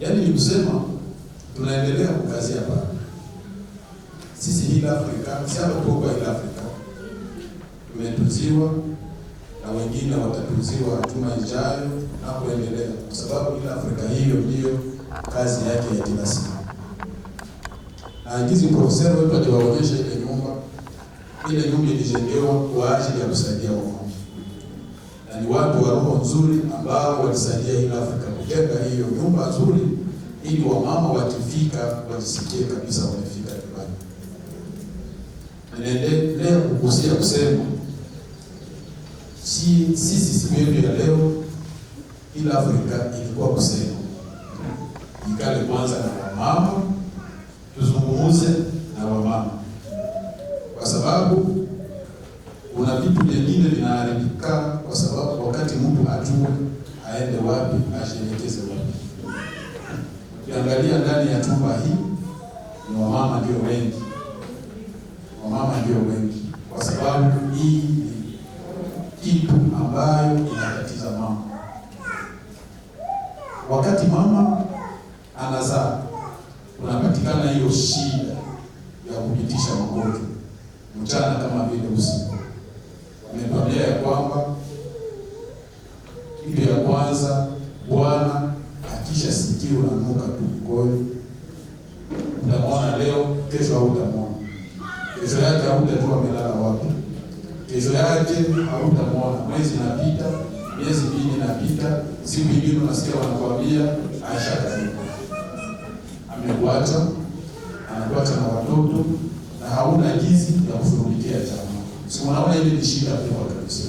Yaani ni kusema tunaendelea kukazia hapa. Sisi hii Afrika, si hapa kwa hii Afrika. Tumetuziwa na wengine watatuziwa juma ijayo na kuendelea kwa sababu hii Afrika hiyo ndiyo kazi yake ya kila siku. Na hizi profesa wetu aliwaonyesha ile nyumba, ile nyumba ilijengewa kwa ajili ya kusaidia wao ni watu wa roho nzuri ambao walisaidia ile Afrika kujenga hiyo nyumba nzuri, ili wamama wakifika wajisikie kabisa wamefika nyumbani. Ninaendelea kukusia kusema si sisi siku yetu ya leo, ila Afrika ilikuwa kusema ikale kwanza na wamama, tuzungumuze kwa sababu wakati mtu ajue aende wapi, ajielekeze wapi. Ukiangalia ndani ya chumba hii ni wamama ndio wengi, wamama ndio wengi, kwa sababu hii ni kitu ambayo inatatiza mama. Wakati mama anazaa, kunapatikana hiyo shida ya kupitisha magonjwa mchana kama vile usiku kesho hautamwona. Kesho yake hautajua amelala wapi, kesho yake hautamwona. Mwezi inapita, miezi mingi napita siku ingine unasikia wanakwambia ashazikwa, amekuacha, anakuacha na watoto na hauna jinsi ya kushughulikia chama. Si unaona ile ni shida kubwa kabisa,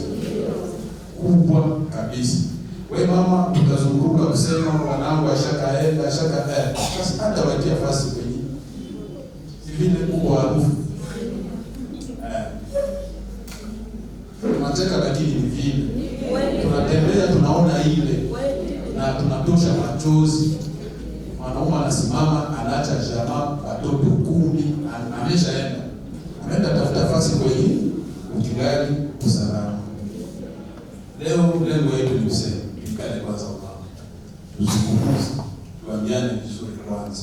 kubwa kabisa. We mama, utazunguka kusema wanangu ashakaenda, ashakaenda, basi hata watia fasi kwenye vile kuwa harufu eh, tunacheka, lakini ni vile tunatembea, tunaona ile na tunatosha machozi. Mwanaume anasimama anaacha jamaa watoto kumi, ameshaenda ameenda tafuta fasi kwenye ujigari usalama. Leo lengo yetu ni kusema tukale kwanza, mama, tuzungumze, tuambiane vizuri kwanza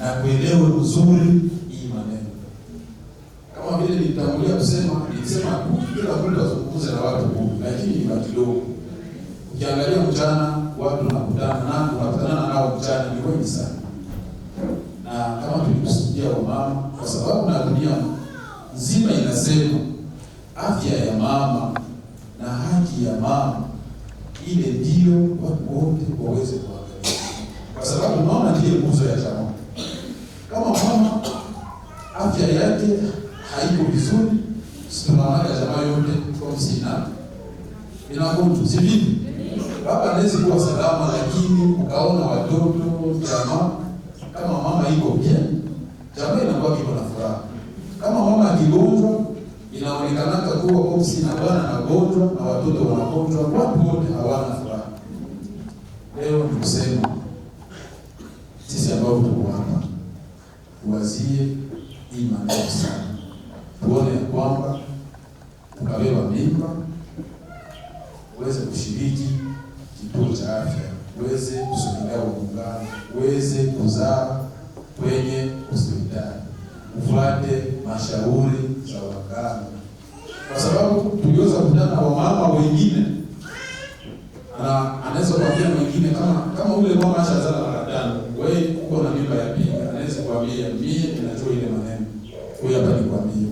na kuelewe uzuri maneno. Kama vile nitangulia kusema, nilisema bila kule wazungumze na watu kumi, lakini ni kidogo. Ukiangalia mchana watu nakutana nao, nakutana nao mchana ni wengi sana, na kama tulikusudia wa mama, kwa sababu na dunia nzima inasema afya ya mama na haki ya mama ile ndio watu wote waweze kuangalia, kwa sababu mama ndiye nguzo ya chama. Kama mama afya yake haiko vizuri, tunaangalia jamaa yote kwa msina inakutu sivini baba anaweza kuwa salama, lakini ukaona watoto jamaa, kama mama iko pia jamaa inakuwa iko na furaha. Kama mama akigonjwa, inaonekana kuwa komsi na bwana na gonjwa na watoto wanagonjwa, watu wote hawana furaha. Leo nikusema sisi ambao tuko hapa, wazie hii sana, tuone ya kwamba ukabeba mimba uweze kushiriki kituo cha afya, uweze kusogelea uungano, uweze kuzaa kwenye hospitali, ufuate mashauri za waganga, kwa sababu tuliweza kutana na wamama wengine, na anaweza kuambia mwingine kama kama ule mama ashazaa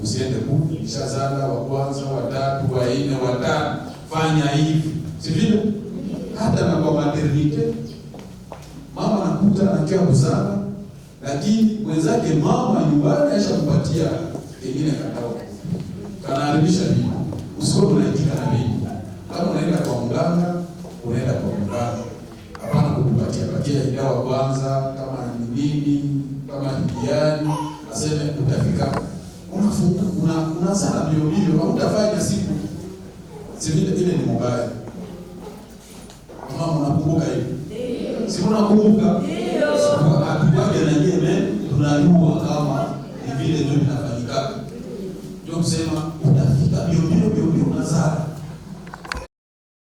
usiende kumi, ulishazala wa kwanza, watatu, wa tano, fanya hivi, si vile? Hata na kwa maternite mama anakuta anakiwa kuzala, lakini mwenzake mama nyumbani aishampatia pengine katao kanaharibisha nini, usikuwa unahitika na mimi, Kama unaenda kwa mganga, unaenda kwa mganga, hapana kukupatia patia idawa kwanza, kama ni nini, kama ni jani, aseme utafika unafunga unazana mbio mbio, hautafanya siku zivile, ile ni mubaya. Mama, unakumbuka hivi, si unakumbuka? Hatukaja na nyeme, tunajua kama ni vile ndio vinafanyikaka, ndio kusema utafika mbio mbio mbio mbio